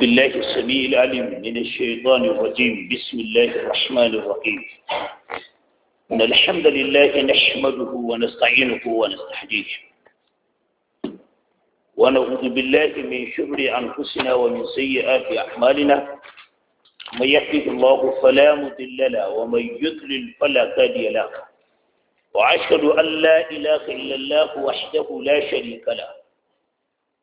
بالله السميع العليم من الشيطان الرجيم بسم الله الرحمن الرحيم إن الحمد لله نحمده ونستعينه ونستحجيه ونعوذ بالله من شر أنفسنا ومن سيئات أعمالنا من يهده الله فلا مضل له ومن يضلل فلا هادي له وأشهد أن لا إله إلا الله وحده لا شريك له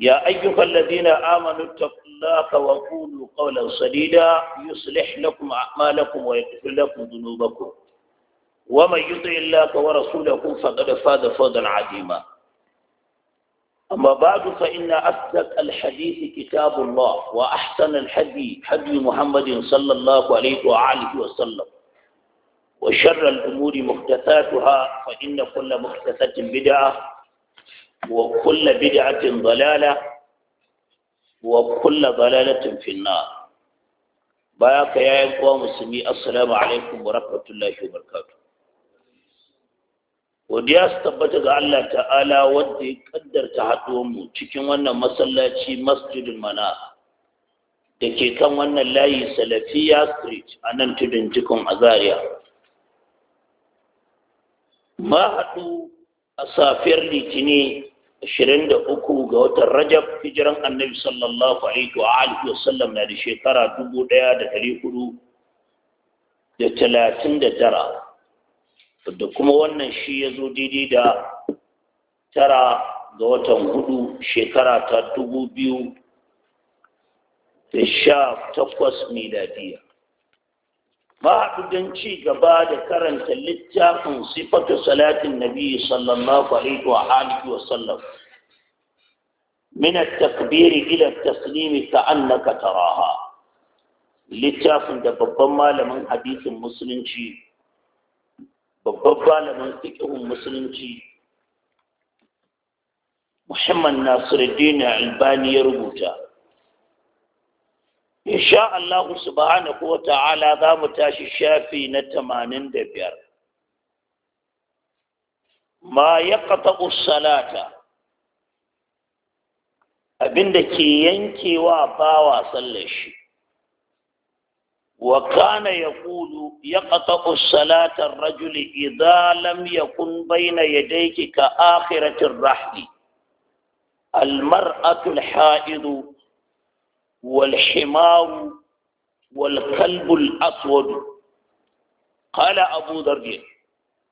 يا أيها الذين آمنوا اتقوا الله وقولوا قولا سديدا يصلح لكم أعمالكم ويغفر لكم ذنوبكم ومن يطع الله ورسوله فقد فاز فوزا عظيما أما بعد فإن أصدق الحديث كتاب الله وأحسن الحديث حدي محمد صلى الله عليه وآله وسلم وشر الأمور محدثاتها فإن كل محدثة بدعة وكل بدعة baya وكل ضلالة في النار باك يا إخوة مسلمي السلام عليكم ورحمة الله وبركاته godiya su tabbata ga Allah ta'ala wanda ya kaddarta mu cikin wannan masallaci masjidul mana da ke kan wannan layi salafiya street a nan tudun jikon azariya ma haɗu a safiyar litini 23 ga watan Rajab hijiran Annabi sallallahu alaihi wa alihi wasallam na da shekara 1439 da kuma wannan shi ya zo daidai da tara ga watan hudu shekara ta da sha 2018 miladiya ba don ci gaba da karanta littafin sifatu salatin nabi sallallahu alaihi wa alihi wa sallam min at-takbir ila at-taslim ka'annaka taraha littafin da babban malamin hadisin musulunci babban malamin fiqhin musulunci Muhammad Nasiruddin Albani ya rubuta in sha Allah subhanahu wa ta'ala za mu tashi shafi na tamanin da biyar ma ya salata abinda ke yankewa bawa sallar shi wa kana ya kulu ya ƙata'u salatar rajuli idan lam yakun baina yadayki ka akhiratir rahli al mar'atul ha'idu والحمار والكلب الأسود قال أبو ذر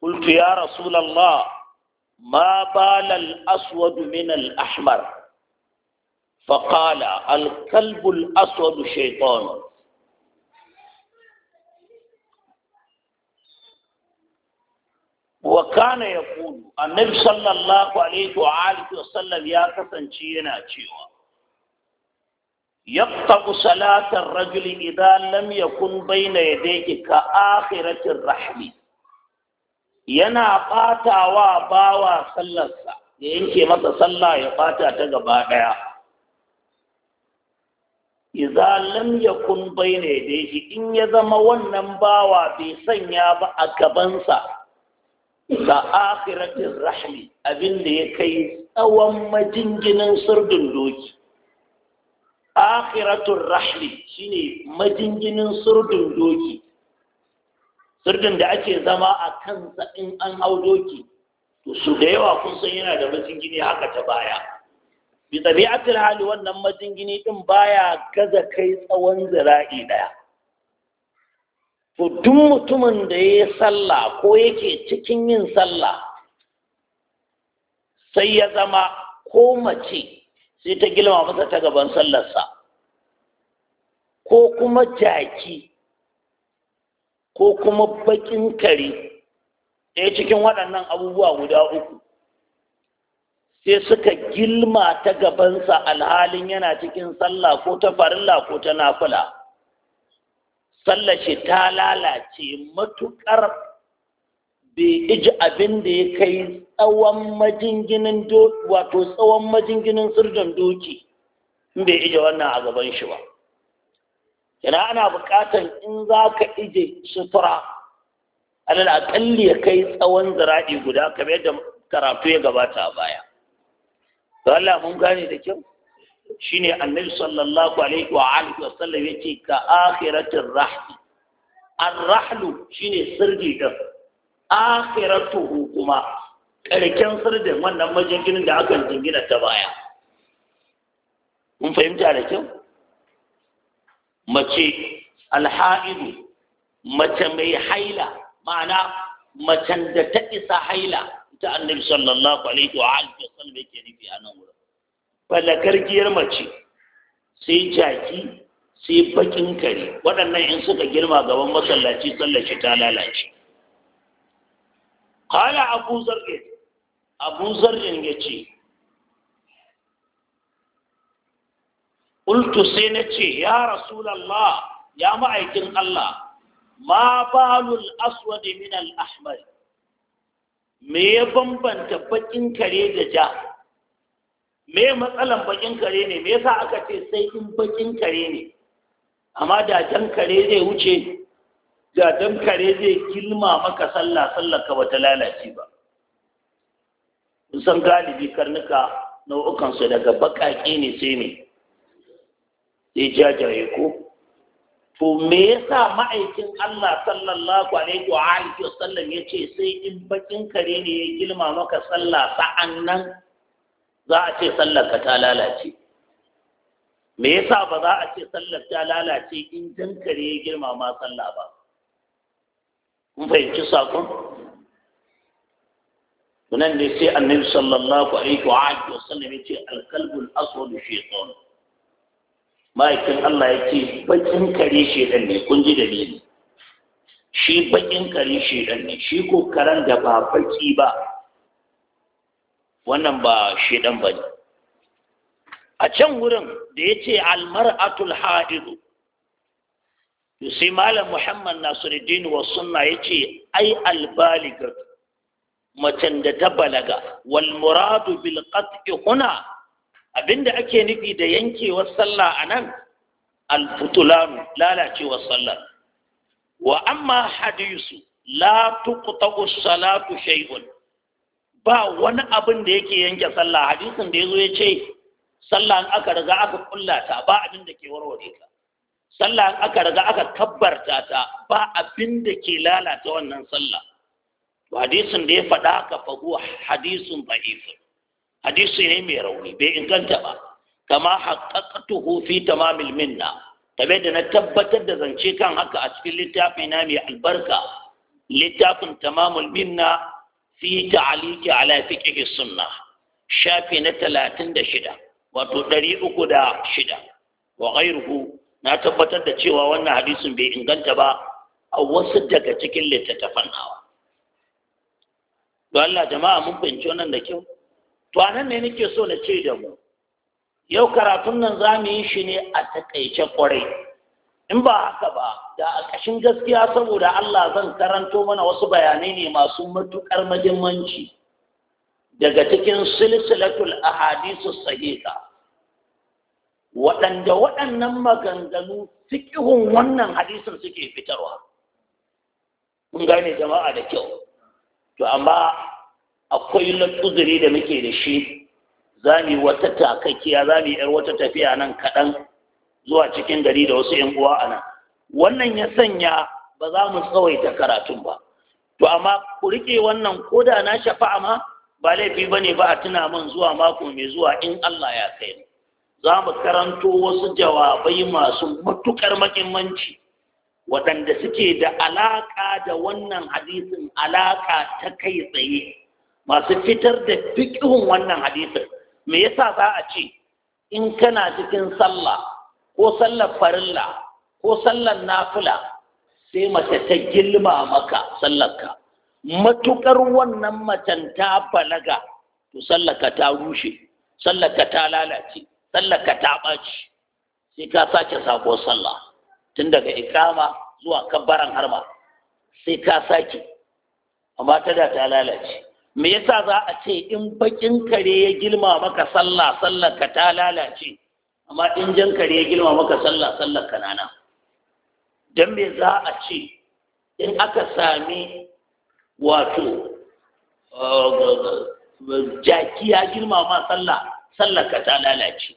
قلت يا رسول الله ما بال الأسود من الأحمر فقال الكلب الأسود شيطان وكان يقول النبي صلى الله عليه وآله وسلم يا كسنشينا شيئا يقطع صلاة الرجل إذا لم يكن بين ka كآخرة rahmi, yana ɓatawa bawa sallarsa da yanke masa sallah ya bata ta gaba ɗaya iza lam yakun bayna yadayhi in ya zama wannan bawa bai sanya ba a gabansa ka akhiratir rahmi abin da ya kai tsawon majinginin surdun doki akhiratul rahli shine majinginin surdin doki surdin da ake zama a kansa in an hau doki to su da yawa kun san yana da majingini haka ta baya bi tabi'atul hali wannan majingini din baya gaza kai tsawon zira'i ɗaya. to mutumin da ya sallah ko yake cikin yin sallah sai ya zama ko mace sai ta gilma masa ta gaban sallarsa ko kuma jaki ko kuma bakin kare ɗaya cikin waɗannan abubuwa guda uku sai suka gilma ta gabansa alhalin yana cikin sallah ko ta farilla ko ta nafula, sallashi ta lalace matuƙar bai iji abin da ya kai tsawon majinginin wato tsawon majinginin sirdan doki in bai ije wannan a gaban shi ba yana ana buƙatar in za ka ije sutura alal aƙalli ya kai tsawon zira'i guda kamar yadda karatu ya gabata a baya to Allah mun gane da kyau shine annabi sallallahu alaihi wa alihi wa sallam yace ka akhiratir rahl ar shi shine sirri da akhiratuhu kuma karken sirdin wannan majinginin da aka jingina ta baya mun fahimta da kyau mace alha'idu mace mai haila ma'ana macen da ta isa haila ta annabi sallallahu alaihi wa alihi sallam yake nufi a nan wurin falakargiyar mace sai jaki sai bakin kare waɗannan in suka girma gaban masallaci sallaci ta lalace Kala Abu Zarrin, Abu Zarrin ya ce, Ultu sai na ce, Ya Rasulallah, ya ma'aikin Allah, ma balul aswadi min al me ya bambanta baƙin kare da ja me matsalan bakin kare ne me yasa aka ce sai in bakin kare ne amma da jan kare zai wuce da dan kare zai kilma maka sallah sallar ka ta lalace ba san galibi karnuka nau'ukan daga bakake ne sai me sai jajaye ko to me yasa ma'aikin Allah sallallahu alaihi wa alihi wa sallam yace sai in bakin kare ne ya kilma maka sallah nan? za a ce sallar ka ta lalace me yasa ba za a ce sallar ta lalace in dan kare ya girmama sallah ba kun fahimci sakon nan ne sai annabi sallallahu alaihi wa alihi wa sallam ya ce alkalbul aswad shaytan ma'aikin Allah ya ce bakin kare shaytan ne kun ji dalili shi bakin kare shaytan ne shi ko karan da ba baki ba wannan ba shaytan bane a can wurin da ya ce almar'atul haɗu. sai malam muhammad nasiruddin wa sunna yace ai albaliga macen da ta balaga wal muradu bil qat'i huna abinda ake nufi da yankewar sallah anan al futulan lalacewar sallah wa amma hadisu la tuqta'u salatu shay'un ba wani abin da yake yanke sallah hadisin da yazo ce sallah aka riga aka kullata ba abin da ke warware ka sallah aka riga aka kabbarta ta ba abin da ke lalata wannan sallah to hadisin da ya faɗa aka fa huwa hadisun hadisi ne mai rauni bai inganta ba kama haqqaqtuhu fi tamamil minna tabe da na tabbatar da zance kan haka a cikin littafi na mai albarka littafin tamamul minna fi ta'aliki ala fiqh sunna shafi na 36 wato 306 wa ghayruhu na tabbatar da cewa wannan hadisin bai inganta ba a wasu daga cikin littattafan nawa don Allah jama'a mun fahimci wannan da kyau to anan ne nake so na ce da mu yau karatun nan za mu yi shi ne a takaice kwarai in ba haka ba da a ƙashin gaskiya saboda Allah zan karanto mana wasu bayanai ne masu matuƙar muhimmanci daga cikin silsilatul ahadisu sahiha waɗanda waɗannan maganganu cikin wannan hadisin suke fitarwa mun gane jama'a da kyau to amma akwai uzuri da muke da shi za mu yi wata takakkiya za mu yar wata tafiya nan kaɗan zuwa cikin gari da wasu ‘yan uwa a nan wannan ya sanya ba za mu tsawaita karatun ba to amma ku riƙe wannan ko da na shafa'a ma ba laifi ba ne ba a tuna min zuwa mako mai zuwa in Allah ya kai mu za mu karanto wasu jawabai masu matuƙar mahimmanci waɗanda suke da alaƙa da wannan hadisin alaƙa ta kai tsaye masu fitar da fiƙihun wannan hadisin me yasa za a ce in kana cikin sallah ko sallar farilla ko sallar nafila sai mace ta gilma maka sallarka matuƙar wannan macen ta balaga to sallarka ta rushe sallarka ta lalace sallaka ta ɓaci sai ka sake sako sallah tun daga ikama zuwa kabbaran harma sai ka sake amma ta da ta lalace me yasa za a ce in bakin kare ya gilma maka sallah sallar ka ta lalace amma in jan kare ya gilma maka sallah sallar ka nana dan me za a ce in aka sami wato uh, jaki ya girma ma sallah sallar ka ta lalace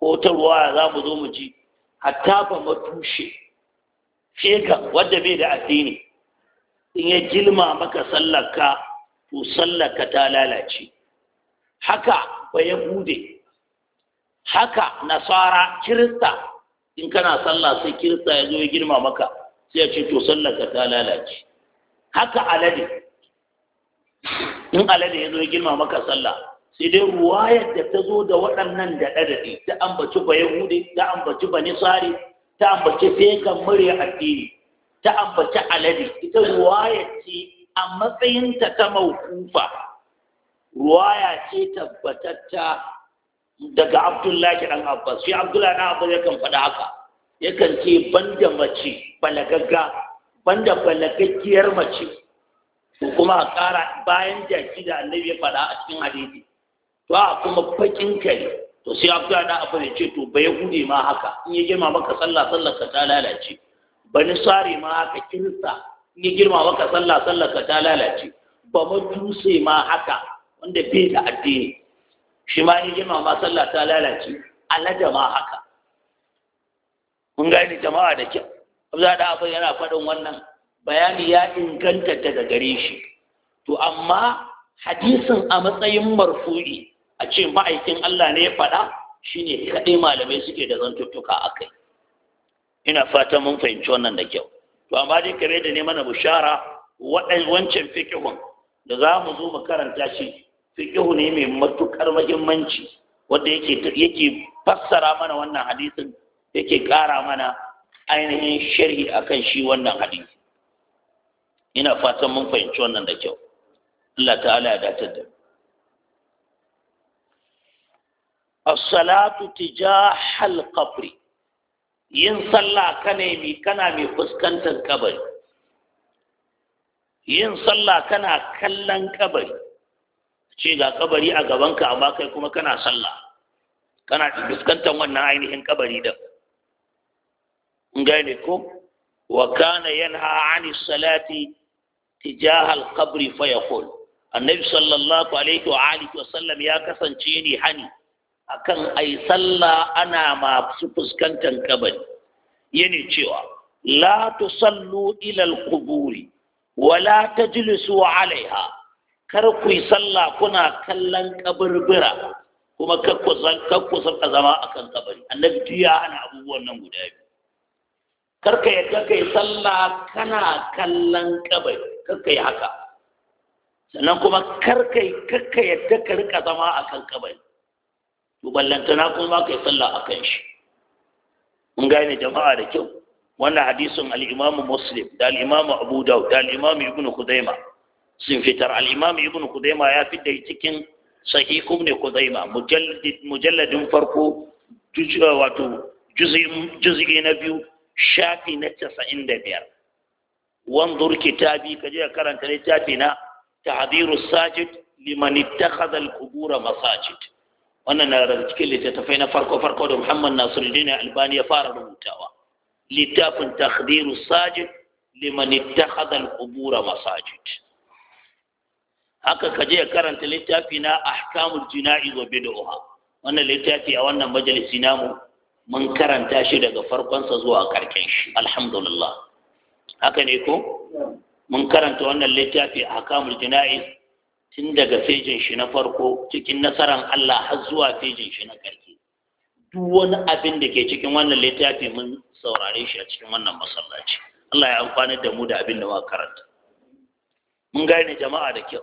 ko ta ruwa za mu zo mu ji hatta ba matushe sheka wanda bai da addini in ya jilma maka sallaka to sallaka ta lalace haka ba ya bude haka nasara kirista in kana sallah sai kirista ya zo ya girma maka sai ya ce to sallaka ta lalace haka alade in alade ya zo ya girma maka sallah sai dai ruwayar da ta zo da waɗannan da ɗaɗaɗe ta ambaci ba yahudi ta ambaci ba nisari ta ambaci fekan murya addini ta ambaci alade ita ruwayar ce a matsayinta ta maukufa ruwaya ce tabbatatta daga abdullahi dan abbas shi abdullahi dan abbas yakan faɗa haka yakan ce banda mace balagagga banda balagaggiyar mace ko kuma a ƙara bayan jaki da annabi ya faɗa a cikin hadisi ba kuma fakin kai to sai abu da abu ne ce to bai gude ma haka in ya girma maka sallah sallar ka ta lalace bani sare ma haka kirista in ya girma maka sallah sallar ka ta lalace ba ma dutse ma haka wanda bai da addini shi ma ya girma ma sallah ta lalace alada ma haka mun gane jama'a da kyau abu da abu yana faɗin wannan bayani ya inganta daga gare shi to amma hadisin a matsayin marfu'i a ce ma'aikin Allah ne ya faɗa shi ne kaɗai malamai suke da zantuttuka a kai ina fata mun fahimci wannan da kyau to amma dai kare da ne mana bushara wancan fiƙihun da za mu zo mu karanta shi fiƙihu ne mai matuƙar muhimmanci wanda yake yake fassara mana wannan hadisin yake ƙara mana ainihin sharhi akan shi wannan hadisi ina fatan mun fahimci wannan da kyau Allah ta'ala ya datar da mu as-salatu tijahal qabri yin sallah kana mi kana mi fuskantar kabari yin sallah kana kallon kabari ce ga kabari a gabanka amma kai kuma kana sallah kana fuskantar wannan ainihin kabari da gane ko wa kana yanha ani salati tijaha al-qabri fa yaqul annabi sallallahu alaihi wa alihi wa sallam ya kasance ni hani akan ai sallah ana masu fuskantar kabari yana cewa la tusallu ila al wa la tajlisu alaiha kar ku yi sallah kuna kallon kaburbura kuma kar ku san zama akan kabari annabi ya ana abubuwan nan guda biyu kar ka yadda ka yi sallah kana kallon kabari kar ka yi haka sannan kuma kar ka yadda ka rika zama akan kabari to ballantana kuma kai sallah akan shi mun gane jama'a da kyau wannan hadisin al-Imam Muslim da al-Imam Abu Dawud da al-Imam Ibn Khuzaimah sun fitar al-Imam Ibn ya fitar cikin Sahih Ibn Khuzaimah mujalladin farko wato juz'i na biyu shafi na 95 wanzur kitabi kaje karanta littafi na tahdhiru sajid liman ittakhadha al-qubur masajid wannan na daga cikin littattafai na farko farko da muhammad nasiruddin albani ya fara rubutawa littafin takdiru sajid liman ittakhadha al-qubura masajid haka kaje karanta littafi na ahkamul jina'iz wa bid'ah wannan littafi a wannan majalisi namu mun karanta shi daga farkonsa zuwa karken shi alhamdulillah haka ne ko mun karanta wannan littafi ahkamul jina'i tun daga fejin shi na farko cikin nasaran Allah har zuwa fejin shi na ƙarfi duk wani abin da ke cikin wannan littafi mun saurare shi a cikin wannan masallaci Allah ya amfani da mu da abin da muka karanta mun gane jama'a da kyau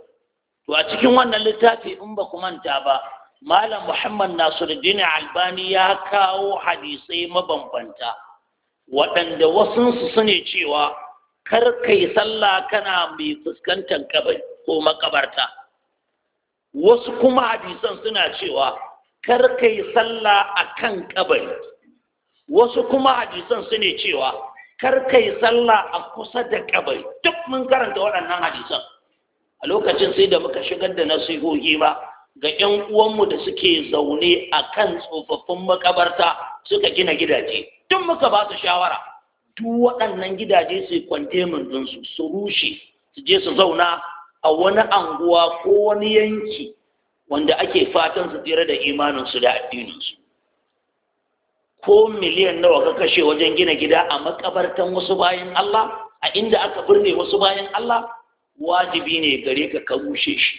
to a cikin wannan littafi in ba ku manta ba malam Muhammad Nasiruddin Albani ya kawo hadisai mabambanta waɗanda wasu su ne cewa kar kai sallah kana mai fuskantar kabari ko makabarta wasu kuma hadisan suna cewa kar ka yi sallah a kan kabari wasu kuma hadisan sune cewa kar ka yi sallah a kusa da kabari duk mun karanta waɗannan hadisan a lokacin sai da muka shigar da nasihohi ba ga 'yan uwanmu da suke zaune a kan tsofaffin makabarta suka gina gidaje tun muka ba su shawara duk waɗannan gidaje su kwante su su rushe su je su zauna a wani anguwa ko wani yanki wanda ake fatan su tsira da imaninsu da su, ko miliyan nawa ka kashe wajen gina gida a makabartan wasu bayan Allah a inda aka birne wasu bayan Allah wajibi ne gare ka ka rushe shi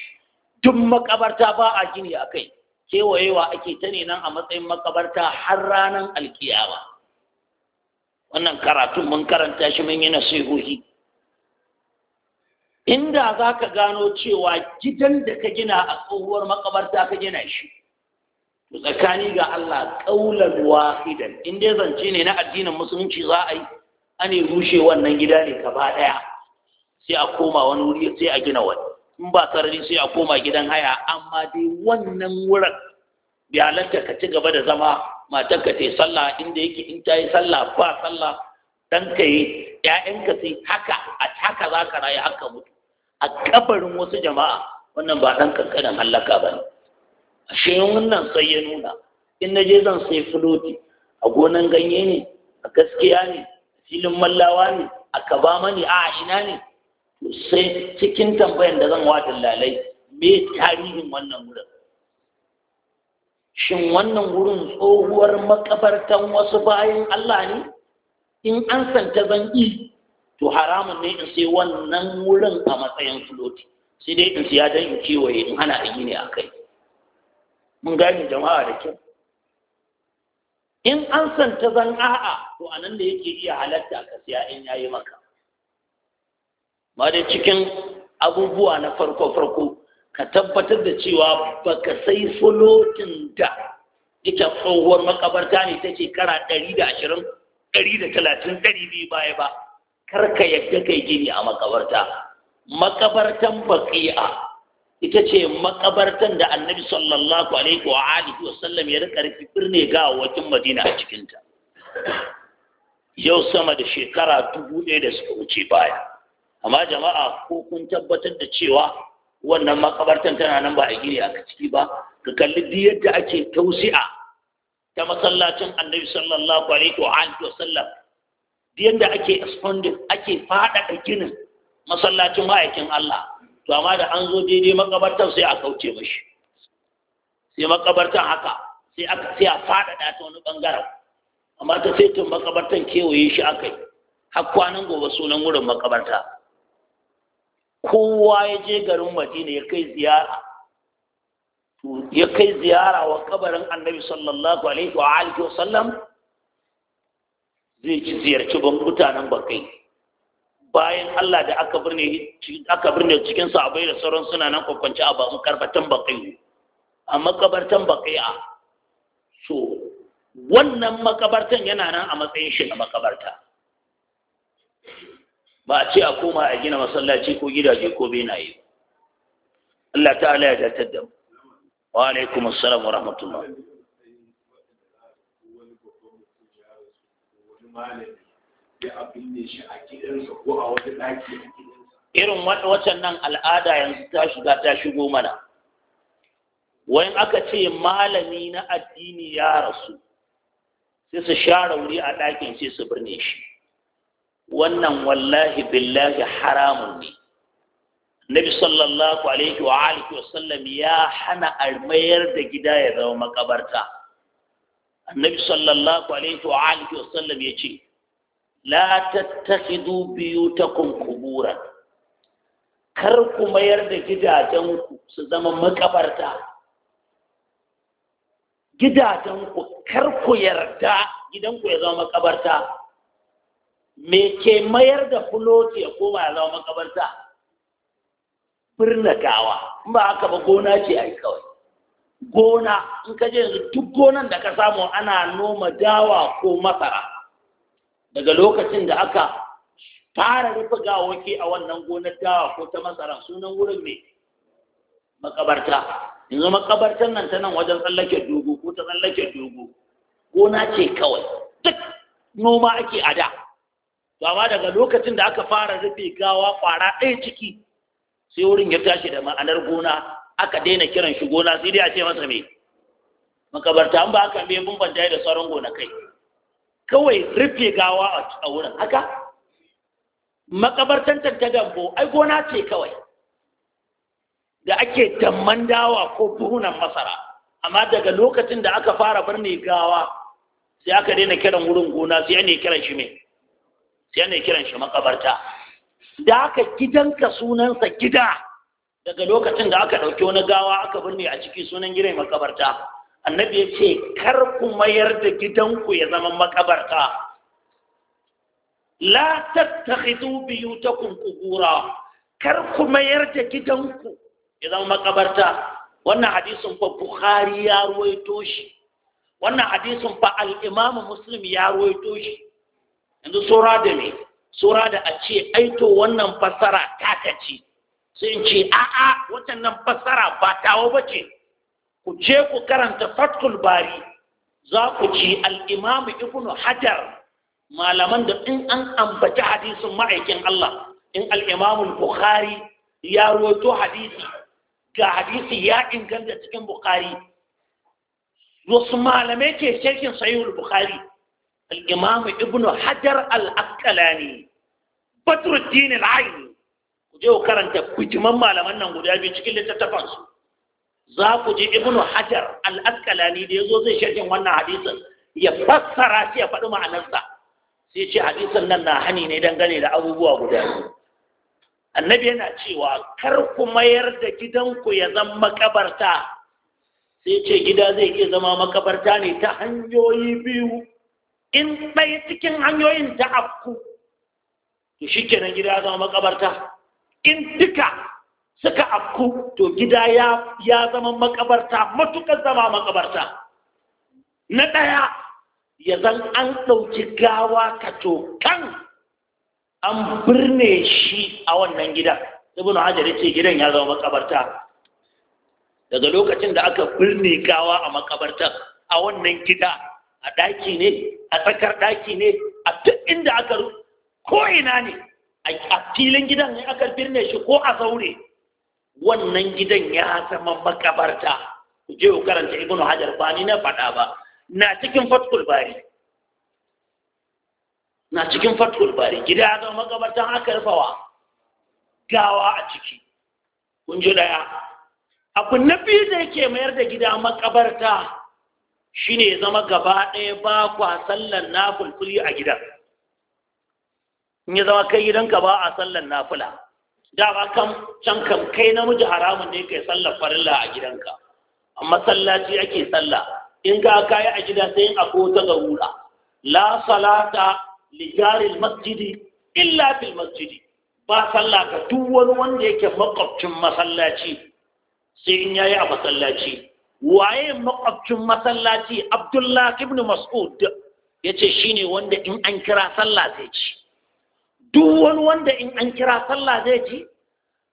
duk makabarta ba a gini a kai kewayewa ake ta ne nan a matsayin makabarta har ranar alkiyama wannan karatun mun karanta shi mun yi nasihohi inda za ka gano cewa gidan da ka gina a tsohuwar makabarta ka gina shi tsakani ga Allah ƙaular wahidan in dai zance ne na addinin musulunci za a yi ane rushe wannan gida ne gaba ɗaya sai a koma wani wuri sai a gina wani in ba sarari sai a koma gidan haya amma dai wannan wurin bi halatta ka ci gaba da zama matar ka yi sallah inda yake in ta yi sallah ba sallah dan ka yi ƴaƴanka sai haka a haka za ka rayu haka mutu a kabarin wasu jama'a wannan ba ɗan ƙanƙanin hallaka ba ne ashe wannan sai ya nuna in na je zan sai filoti a gonan ganye ne a gaskiya ne a filin mallawa ne a kaba mani a ina ne sai cikin tambayan da zan wata lalai me tarihin wannan wurin shin wannan wurin tsohuwar makabartan wasu bayan Allah ne in an santa zan to haramun ne in sai wannan wurin a matsayin filoti sai dai in siya don in kewaye in hana a gini a kai mun gane jama'a da kyau in an santa zan a'a to a nan da yake iya halatta ka siya in yayi maka ma dai cikin abubuwa na farko farko ka tabbatar da cewa baka sai fulotin da ita tsohuwar makabarta ne ta shekara ɗari da ashirin ɗari da talatin ɗari biyu baya ba karka yadda kai gini a makabarta makabartan baqi'a ita ce makabartan da annabi sallallahu alaihi wa alihi wa sallam ya rika rufi birne ga wakin madina a cikinta yau sama da shekara dubu ɗaya da suka wuce baya amma jama'a ko kun tabbatar da cewa wannan makabartan tana nan ba a gini a ciki ba ka kalli duk yadda ake tausi'a ta masallacin annabi sallallahu alaihi wa alihi wa sallam yadda ake expanding ake faɗaɗa ginin masallacin ma'aikin Allah to amma da an zo daidai makabartar sai a kauce mashi sai makabartar haka sai aka sai a faɗaɗa ta wani bangaren amma ta sai tun makabartar kewaye shi akai har kwanan gobe sunan wurin makabarta kowa ya je garin Madina ya kai ziyara ya kai ziyara wa kabarin annabi sallallahu alaihi wa alihi wa sallam zai ci ziyarci ban mutanen bakai bayan Allah da aka birne aka birne cikin abai da sauran suna nan kokonci a babu karbatan bakai a makabartan bakai a so wannan makabartan yana nan a matsayin shi na makabarta ba a ce a koma a gina masallaci ko gidaje ko benaye Allah ta'ala ya datar da mu wa alaikumus salam wa rahmatullah malami ya abinne shi a gidansa ko a wani ɗaki a gidansa irin wancan nan al'ada yanzu ta shiga ta shigo mana wani aka ce malami na addini ya rasu sai su share wuri a ɗakin sai su birne shi wannan wallahi billahi haramun ne nabi sallallahu alaihi wa alihi wa sallam ya hana a mayar da gida ya zama makabarta annabi sallallahu alaihi wa alihi wa sallam yace la tattakhidu biyutakum qubura kar ku mayar da gidajenku su zama makabarta gidajenku kar ku yarda gidanku ya zama makabarta me ke mayar da fuloti ya koma ya zama makabarta birna gawa ba haka ba gona ce ai kawai gona in ka je yanzu duk gonan da ka samu ana noma dawa ko masara daga lokacin da aka fara rufe gawaki a wannan gonar dawa ko ta masara sunan wurin mai makabarta yanzu makabartan nan ta nan wajen tsallake dogo ko ta tsallake dogo gona ce kawai duk noma ake a da amma daga lokacin da aka fara rufe gawa kwara ɗaya ciki sai wurin ya tashi da ma'anar gona aka daina kiran shi gona sai dai a ce masa me makabarta an ba aka me bambanta da sauran gona kai. kawai rufe gawa a wurin haka makabartan ta dambo ai gona ce kawai da ake damman dawa ko buhunan masara amma daga lokacin da aka fara birni gawa sai aka daina kiran wurin gona sai ne kiran shi me sai ne kiran shi makabarta da aka gidanka sunansa gida daga lokacin da aka ɗauki wani gawa aka binne a ciki sunan gidan makabarta annabi ya ce kar ku mayar da gidanku ya zama makabarta la tattakhidhu biyutakum qubura kar ku mayar da gidanku ya zama makabarta wannan hadisin fa bukhari ya ruwaito shi wannan hadisin fa al-imam muslim ya ruwaito shi yanzu sura da me sura da a ce aito wannan fassara ta kace sai ce a'a waɗannan fassara ba tawo ba ce ku je ku karanta fatkul bari za ku ci al'imamu ibnu hajar malaman da in an ambaci hadisin ma'aikin Allah in al'imamu bukhari ya roto hadisi ga hadisi ya inganta cikin bukhari wasu malamai ke shekin sayuwar bukhari al'imamu ibnu hajar al'akalani badruddin al'aini je ku karanta kujiman malaman nan guda biyu cikin littattafan su za ku je Ibn hajar al-asqalani da yazo zai sharhin wannan hadisin ya fassara shi ya faɗi ma'anarsa sai ce hadisin nan na hani ne dangane da abubuwa guda biyu annabi yana cewa kar ku mayar da gidanku ya zama makabarta sai ce gida zai iya zama makabarta ne ta hanyoyi biyu in ɗaya cikin hanyoyin ta afku to shikenan gida zama makabarta in duka suka afku to gida ya zama makabarta matukar zama makabarta na ɗaya ya zan an ɗauki gawa ka tokan an birne shi a wannan gida. ibn hajar gidan ya zama makabarta daga lokacin da aka birne gawa a makabartar a wannan gida a ɗaki ne a tsakar ɗaki ne a duk inda aka ko'ina ne a filin gidan ne aka birne shi ko a zaure wannan gidan ya zama makabarta ku je ku karanta ibnu hajar ba ni na faɗa ba na cikin fatkul bari na cikin fatkul bari gida ya zama makabarta aka rufawa gawa a ciki kun ji daya abu na biyu da yake mayar da gida makabarta shine ya zama gaba ɗaya ba kwa sallan na a gidan in ya zama kai gidanka ba a sallan nafila dama kan can kan kai namiji haramun ne kai sallar farilla a gidanka a masallaci ake sallah in ka kayi a gida sai a ko ta garura la salata li jaril masjidi illa fil masjidi ba sallah ka duk wani wanda yake makwabcin masallaci sai in yayi a masallaci waye makwabcin masallaci abdullahi ibn mas'ud yace shine wanda in an kira sallah sai ci duk wani wanda in an kira sallah zai ji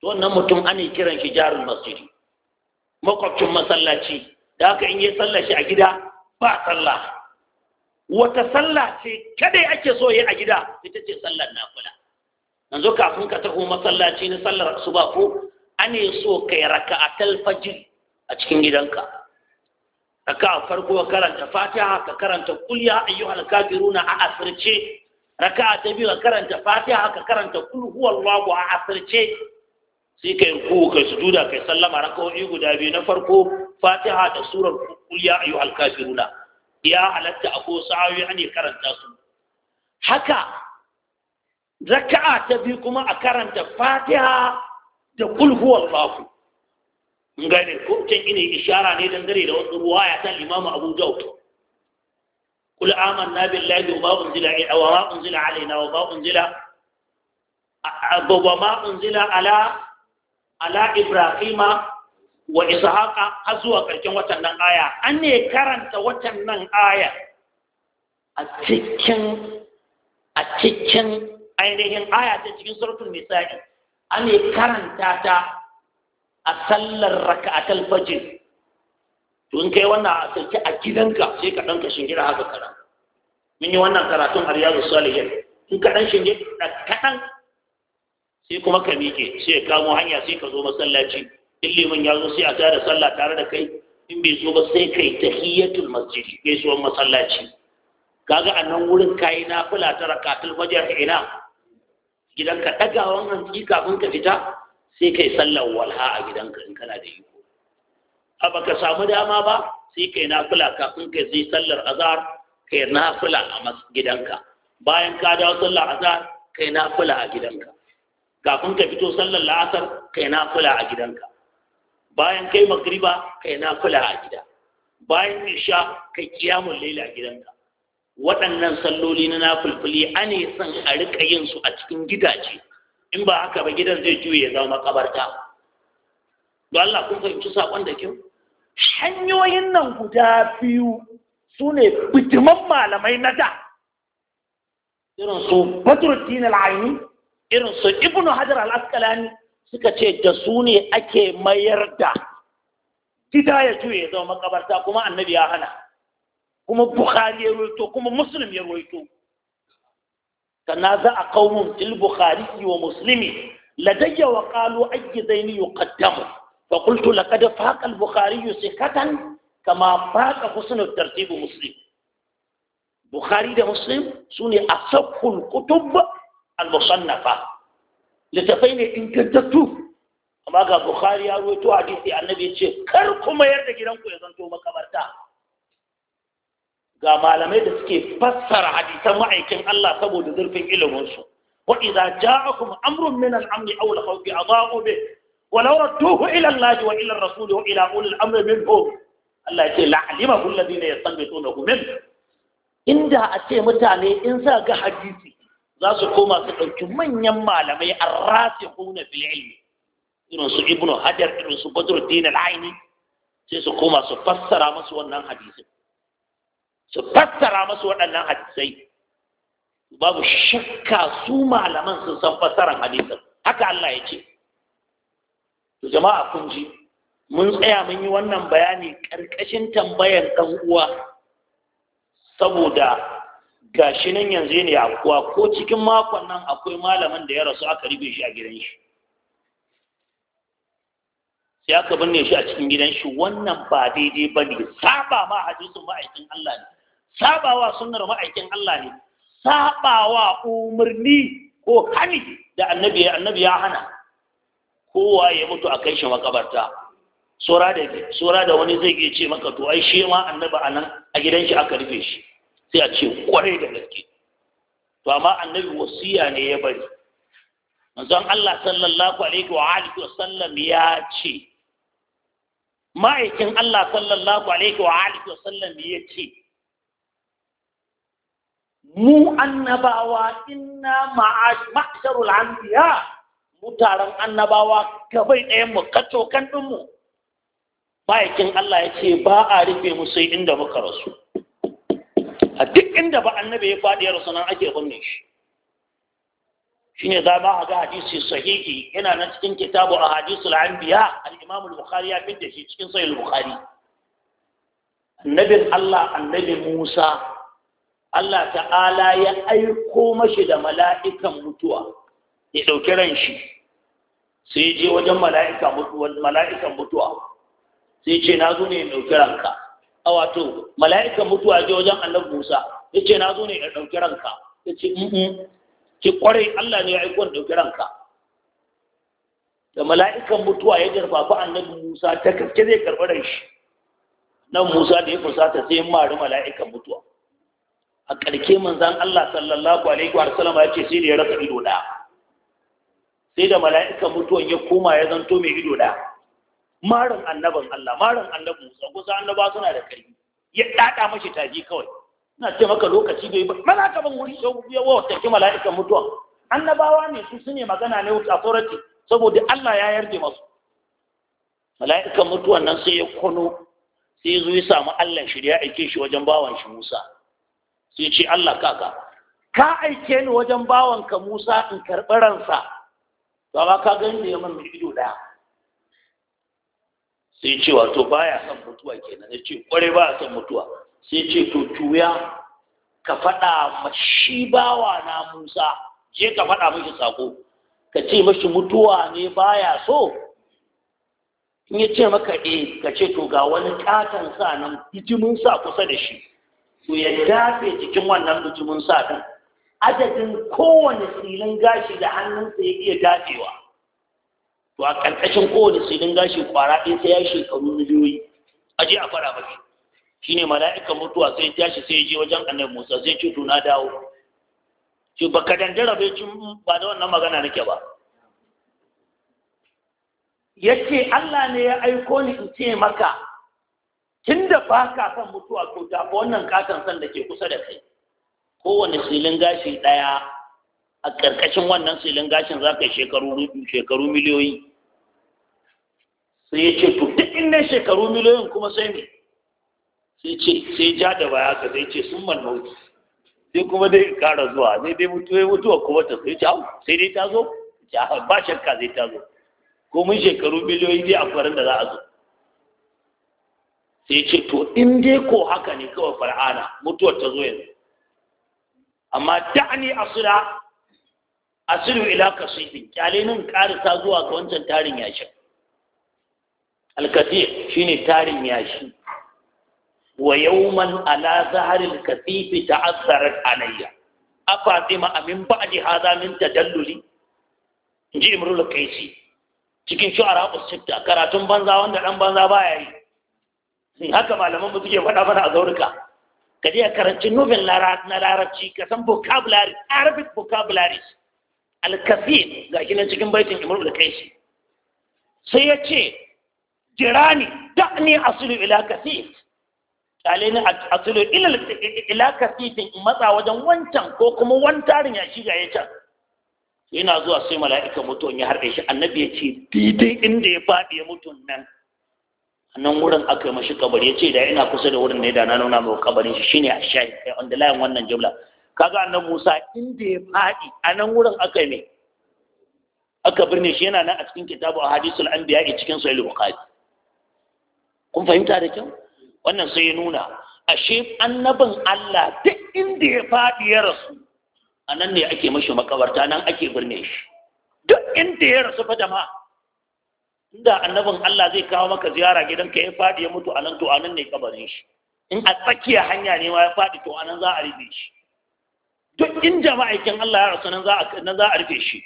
to wannan mutum ana kiran shi jarul masjidi makwabcin masallaci da haka in yi sallah shi a gida ba sallah wata sallah ce kadai ake so yi a gida ita ce sallar nafila yanzu kafin ka taho masallaci na sallar asuba ko yi so kai raka'atul fajr a cikin gidanka raka'a farko karanta fatiha ka karanta kulya ayyuhal kafiruna a asirce raka'a ta biyu ka karanta fatiha haka karanta kul huwallahu a asirce sai kai ruku kai sujuda kai sallama raka'o'i guda biyu na farko fatiha da surar kul ya ayyuhal kafiruna ya halatta a ko sa'awi an karanta su haka raka'a ta biyu kuma a karanta fatiha da kul huwallahu in gane ko can ina ishara ne dangane da wasu ruwaya ta limamu abu daud قل آمنا بالله وما أنزل وما أنزل علينا وما أنزل وما أنزل على على إبراهيم وإسحاق أزوا كركن وتنن آية أني كرنت وتنن آية أتكن أتكن ainihin aya ta cikin suratul nisa'i an karanta ta a sallar raka'atul fajr to in kai wannan a sarki a gidanka sai ka ɗan ka shingira haka kara mun yi wannan karatun har yazo salihin in ka ɗan shinge da kaɗan sai kuma ka miƙe sai ya kamo hanya sai ka zo masallaci in liman ya zo sai a da sallah tare da kai in bai zo ba sai kai tahiyatul masjid gaisuwar masallaci kaga a nan wurin kayi na fula ta rakatul fajr ina gidanka ɗagawan hantsi kafin ka fita sai kai sallar walha a gidanka in kana da yi a baka samu dama ba sai kai nafila kafin kai sai sallar azhar kai nafila a gidanka bayan ka dawo sallar azhar kai nafila a gidanka kafin ka fito sallar la'asar kai nafila a gidanka bayan kai magriba kai nafila a gida bayan isha kai kiyamun laila a gidanka waɗannan salloli na nafulfuli ane son a rika yin su a cikin gidaje in ba haka ba gidan zai juye zama makabarta don Allah kun fahimci saƙon da kyau hanyoyin nan guda biyu su ne malamai na da irin su badruddin al'aini irin su ibnu hajar al'askalani suka ce da su ne ake mayar da gida ya juye ya zama makabarta kuma annabi ya hana kuma bukhari ya ruwaito kuma muslim ya ruwaito تنازع قوم في البخاري ومسلم لدي وقالوا أي ذين يقدم فقلت لقد فاق البخاري ثقة كما فاق حسن الترتيب مسلم بخاري ده مسلم سوني أصح الكتب المصنفة لتفين إن كنتتو أما قال بخاري أرويتو حديثي النبي يقول كركم يرد جيرانكو يزنتو مكبرتا ga malamai da suke fassara hadisan ma'aikin Allah saboda zurfin iliminsu wa idza ja'akum amrun min al-amri aw al-khawfi adha'u bih ولو ردوه إلى الله وإلى الرسول وإلى أولي الأمر منهم Allah ce la'alima kun lazi ne ya sanbe tona gumin inda a ce mutane in za ga hadisi za su koma su ɗauki manyan malamai an rasi kuna fil irin su ibnu hajar irin su badruddin Dina aini sai su koma su fassara masu wannan hadisin su fassara masu waɗannan hadisai babu shakka su malaman sun san fassaran hadisin haka Allah ya ce jama'a kun ji mun tsaya mun yi wannan bayani ƙarƙashin tambayar ɗan uwa saboda gashi nan yanzu ne akuwa ko cikin makon nan akwai malamin da ya rasu aka rufe shi a gidan shi sai aka binne shi a cikin gidan shi wannan ba daidai ba ne saba ma hadisin ma'aikin Allah ne sabawa sunnar ma'aikin Allah ne sabawa umarni ko hani da annabi ya hana kowa ya mutu a kai shi makabarta sora da da wani zai iya ce maka to ai shi ma annabi nan a gidan shi aka rufe shi sai a ce kwarai da gaske to amma annabi wasiya ne ya bari manzon Allah sallallahu alaihi wa alihi wa sallam ya ce ma'aikin Allah sallallahu alaihi wa alihi wa sallam ya ce mu annabawa inna ma'asharul anbiya ku taron annabawa gabai ɗayan mu kacokan ɗinmu bayakin Allah ya ce ba a rufe mu sai inda muka rasu a duk inda ba annabi ya faɗi ya rasu nan ake binne shi ne za ba ga hadisi sahihi yana na cikin kitabu a hadisul anbiya al-imam al-bukhari ya fidda shi cikin sahih al-bukhari annabin Allah annabi Musa Allah ta'ala ya aiko mashi da mala'ikan mutuwa ya ɗauki ran shi sai je wajen mala'ika mala'ikan mutuwa sai ce na zo ne in ɗauki ranka a wato mala'ikan mutuwa je wajen annabi musa ya ce na zo ne in ɗauki ranka ya ce ki kware allah ne ya aiko in ɗauki ranka da mala'ikan mutuwa ya jarfafa annabi musa ta kaske zai karɓi ran shi nan musa da ya fusata sai mari mala'ikan mutuwa a ƙarke manzan allah sallallahu alaihi wa sallama ya ce sai da ya rasa ido ɗaya sai da mala'ikan mutuwan ya koma ya zanto mai ido da marin annaban Allah marin annabin Musa kusa annaba suna da kai ya ɗaɗa mashi taji kawai ina ce maka lokaci bai ba mana ka ban wuri ya wata mala'ikan mutuwan annabawa ne su sune magana ne wuta sauraki saboda Allah ya yarda masu mala'ikan mutuwan nan sai ya kwano sai zo ya samu Allah shirya aike shi wajen bawan shi Musa sai ce Allah kaka ka aike ni wajen bawanka Musa in karɓi ransa to amma ka gani da yaman mai ido daya sai ce wato baya son mutuwa kenan ya ce kware baya son mutuwa sai ce to juya ka faɗa ma shi bawa na musa je ka faɗa mashi sako ka ce mashi mutuwa ne baya so in ya ce maka e ka ce to ga wani katon sa nan bijimin sa kusa da shi to ya dafe jikin wannan bijimin sa adadin kowane silin gashi da hannunsa ya iya dacewa to a ƙarƙashin kowane silin gashi kwara ɗin sai ya shekaru miliyoyi a je a fara Shi ne mala'ikan mutuwa sai tashi sai ya je wajen annabi musa sai ce to na dawo ce ba ka dandara bai cin mm, ba da wannan magana nake ba ya ce allah ne ya aiko ni in ce maka tun da ba ka san mutuwa ko ta wannan katon san da ke kusa da kai kowane silin gashi ɗaya a ƙarƙashin wannan silin gashin za ka yi shekaru shekaru miliyoyi sai ya ce to duk inda shekaru miliyoyin kuma sai me sai ce sai ja da baya ka sai ce sun man mauti sai kuma dai kara zuwa sai dai mutuwa mutuwa kuma ta sai ta sai dai ta zo ba shakka zai ta zo ko mun shekaru miliyoyi dai a farin da za a zo sai ce to in dai ko haka ne kawai far'ana mutuwar ta zo yanzu amma da'ani asira asiru ila kasifin kyale nan karisa zuwa ga wancan tarin yashin shi shine tarin yashi wa yawman ala zaharil kasifi ta'assarat alayya afatima amin ba'di hadha min tadalluli inji imrul kaisi cikin shu'ara usitta karatun banza wanda dan banza baya yi haka malaman mu suke faɗa mana a zaurika ka ya karanci novel na larabci ka san vocabulary arabic vocabulary alkasir ga shi nan cikin baitin imar da kai shi sai ya ce jirani da'ni asilu ila kasir kale ni asilu ila kasirin in matsa wajen wancan ko kuma wantarin ya shiga ya can yana zuwa sai mala'ika mutu ya harbe shi annabi ya ce daidai inda ya faɗi ya mutu nan nan wurin aka yi mashi kabari ya ce da ina kusa da wurin ne da na nuna mai kabarin shi shine a shayi on the line wannan jumla kaga annan Musa inda ya faɗi a nan wurin aka yi mai aka birne shi yana nan a cikin kitabu a hadisul biya a cikin sahih bukhari kun fahimta da kyau wannan sai ya nuna ashe annabin Allah duk inda ya faɗi ya rasu a nan ne ake mashi makabarta nan ake birne shi duk inda ya rasu fa jama'a inda annabin Allah zai kawo maka ziyara gidanka ya faɗi ya mutu a nan to anan ne kabarin shi in a tsakiya hanya ne ma ya faɗi to anan za a rufe shi duk in jama'aikin Allah ya rasu nan za a rufe shi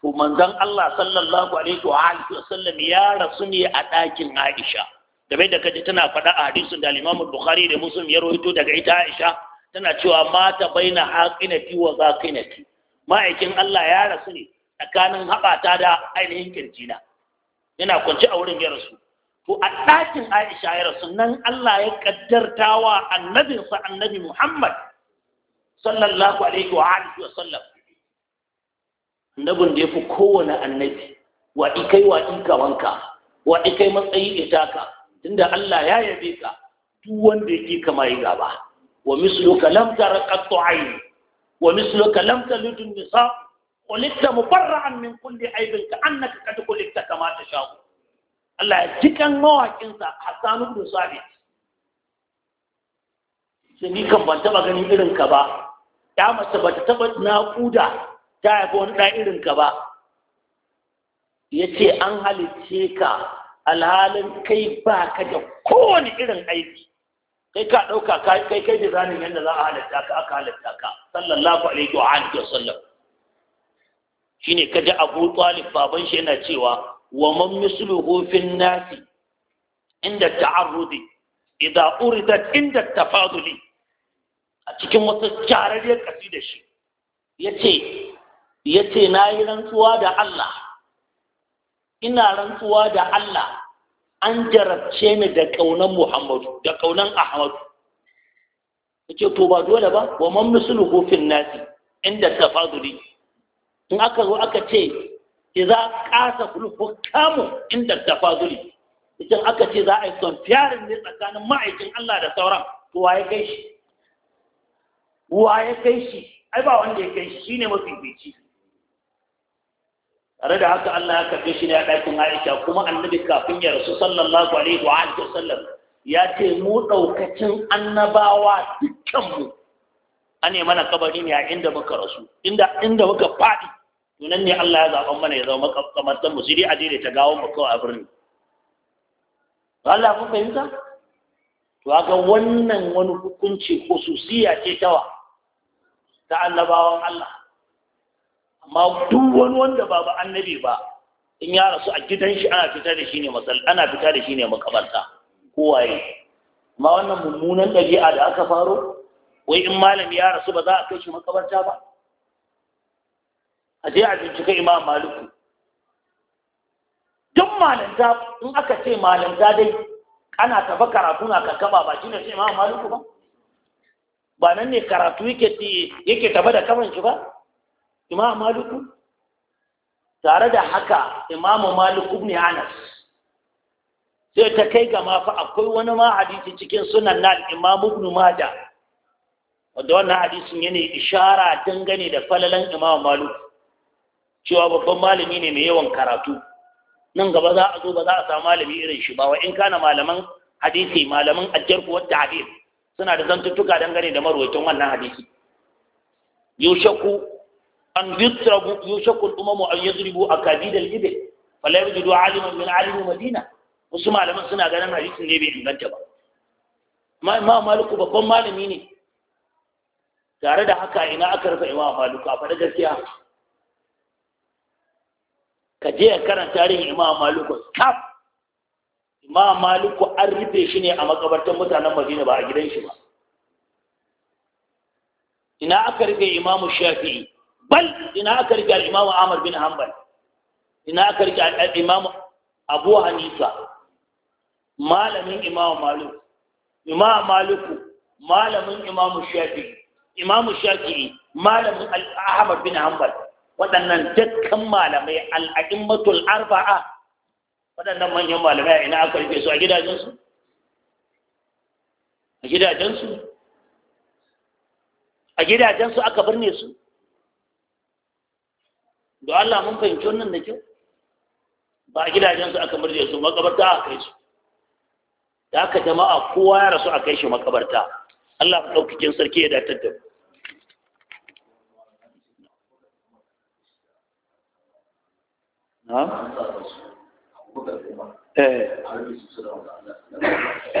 to manzon Allah sallallahu alaihi wa alihi wasallam ya rasu ne a ɗakin Aisha da bai da kaji tana faɗa a hadisin da Imam Bukhari da Muslim ya rawaito daga ita Aisha tana cewa mata baina haqinati wa zaqinati ma'aikin Allah ya rasu ne tsakanin haɓata da ainihin kirjina yana kwance a wurin ya rasu to a ɗakin Aisha ya rasu nan Allah ya kaddarta wa annabinsa annabi Muhammad sallallahu alaihi wa alihi wa sallam annabin da ya fi kowane annabi wa kai wa ika wanka wa kai matsayi itaka tunda Allah ya yabe ka duk wanda yake kama yi gaba wa misluka lam tara qattu ayn wa misluka lam talidun nisa kulitta mubarra'an min kulli aibin ka annaka kad kulitta kama ta sha'u Allah ya cikan mawakin sa hasanu ibn Sabit sai ni kan ban taba ganin irin ka ba ya mace ba ta taba naƙuda ta haifa wani ɗan irin ka ba yace an halice ka alhalin kai ba ka da kowane irin aiki kai ka ɗauka kai kai da zanin yadda za a halitta ka aka halitta ka sallallahu alaihi wa alihi wa shine kaji Abu Talib baban shi yana cewa wa man misluhu fin nasi inda ta'arrudi idza uridat inda tafaduli a cikin wata kyararriyar da shi yace yace nayi rantsuwa da Allah ina rantsuwa da Allah an jarabce ni da kaunan Muhammadu da kaunan Ahmadu yace to ba dole ba wa man misluhu fin nasi inda tafaduli in aka zo aka ce a ƙasa kul kamu inda fazuli idan aka ce za a yi son fiyarin ne tsakanin ma'aikin Allah da sauran Wa ya kai shi ya kai shi ai ba wanda ya kai shi ne mafi mafifici tare da haka Allah ya karfe shi ne a ɗakin Aisha kuma annabi kafin ya rasu sallallahu alaihi wa alihi sallam ya ce mu ɗaukacin annabawa dukkanmu a ne mana kabari ne a inda muka rasu inda muka faɗi sunan ne Allah ya zaɓan mana ya zama makamantar mu sai dai a ta gawon mu kawai a birni Allah kun fahimta to ga wannan wani hukunci khususiya ce tawa ta annabawan Allah amma duk wani wanda ba ba annabi ba in ya rasu a gidan shi ana fita da shi ne masal ana fita da shi ne makabarta amma wannan mummunan ɗabi'a da aka faro wai in malami ya rasu ba za a kai shi makabarta ba a je a bincika imam maliku duk malanta in aka ce malanta dai ana tafa karatu na kakkaba ba shi ne ce imam maliku ba ba nan ne karatu yake tafa da kaman shi ba imam maliku tare da haka imam maliku ibn anas sai ta kai ga mafi akwai wani ma hadisi cikin sunan na imam ibn majah wanda wannan hadisin yana ishara dangane da falalan imam maliku cewa babban malami ne mai yawan karatu nan gaba za a zo ba za a samu malami irin shi ba wa in kana malaman hadisi malaman ajjarku wadda hadis suna da zantuttuka dangane da marwaitun wannan hadisi yushaku an yutrabu yushaku al umam an yadribu akadid al-ibil fala yajidu aliman min alim madina wasu malaman suna ganin hadisin ne bai inganta ba ma maluku babban malami ne tare da haka ina aka rufe imam maluku a faɗa gaskiya ka je ka karanta tarihin imam Maluku, kaf imam Maluku an rufe shi ne a makabartan mutanen madina ba a gidan shi ba ina aka rufe imam shafi'i bal ina aka rufe imam ahmad bin hanbal ina aka rufe imam abu hanifa malamin imam Maluku, imam maliku malamin imam shafi'i imam shafi'i malamin ahmad bin hanbal waɗannan dukkan malamai al'adun matul arba'a waɗannan manyan malamai a ina aka rufe su a gidajensu a gidajensu a gidajensu aka birne su da Allah mun fahimci wannan da kyau ba a gidajensu aka birne su makabarta a kai su da aka jama'a kowa ya rasu a kai shi makabarta Allah ɗaukakin sarki ya datar da mu Eh.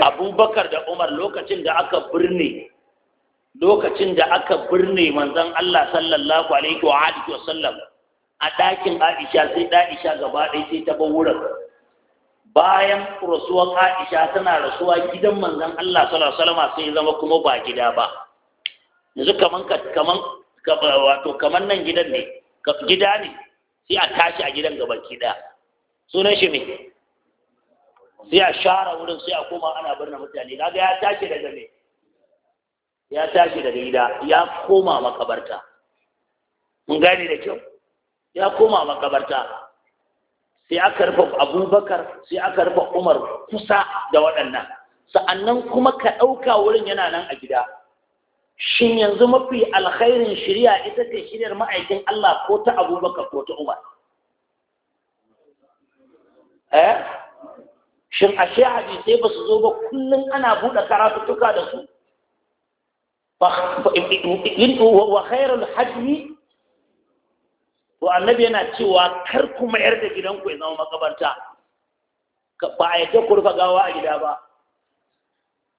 abubakar da umar lokacin da aka birne lokacin da aka birne manzan Allah sallallahu alaihi wa alihi wa sallam a ɗakin Aisha sai Aisha gaba ɗaya sai ta bar wurin bayan rasuwar Aisha tana rasuwa gidan manzan Allah sallallahu alaihi wa sai zama kuma ba gida ba yanzu kaman kaman wato kaman nan gidan ne gida ne sai a tashi a gidan gaba ki daya sunan shi ne sai a share wurin sai a koma ana birnin mutane kaga ya tashi daga ne ya tashi daga gida ya koma makabarta mun gane da kyau ya koma makabarta sai aka rufe abubakar sai aka rufe umar kusa da waɗannan sa'annan kuma ka ɗauka wurin yana nan a gida shin yanzu mafi alkhairin shirya ita ce shiryar ma'aikin Allah ko ta abubakar ko ta umar eh shin ashe hadisai ba su zo ba kullum ana buɗe karatuttuka da su wa khairul hajmi to annabi yana cewa kar ku mayar da gidanku ya zama makabarta ba a ku kurfa gawa a gida ba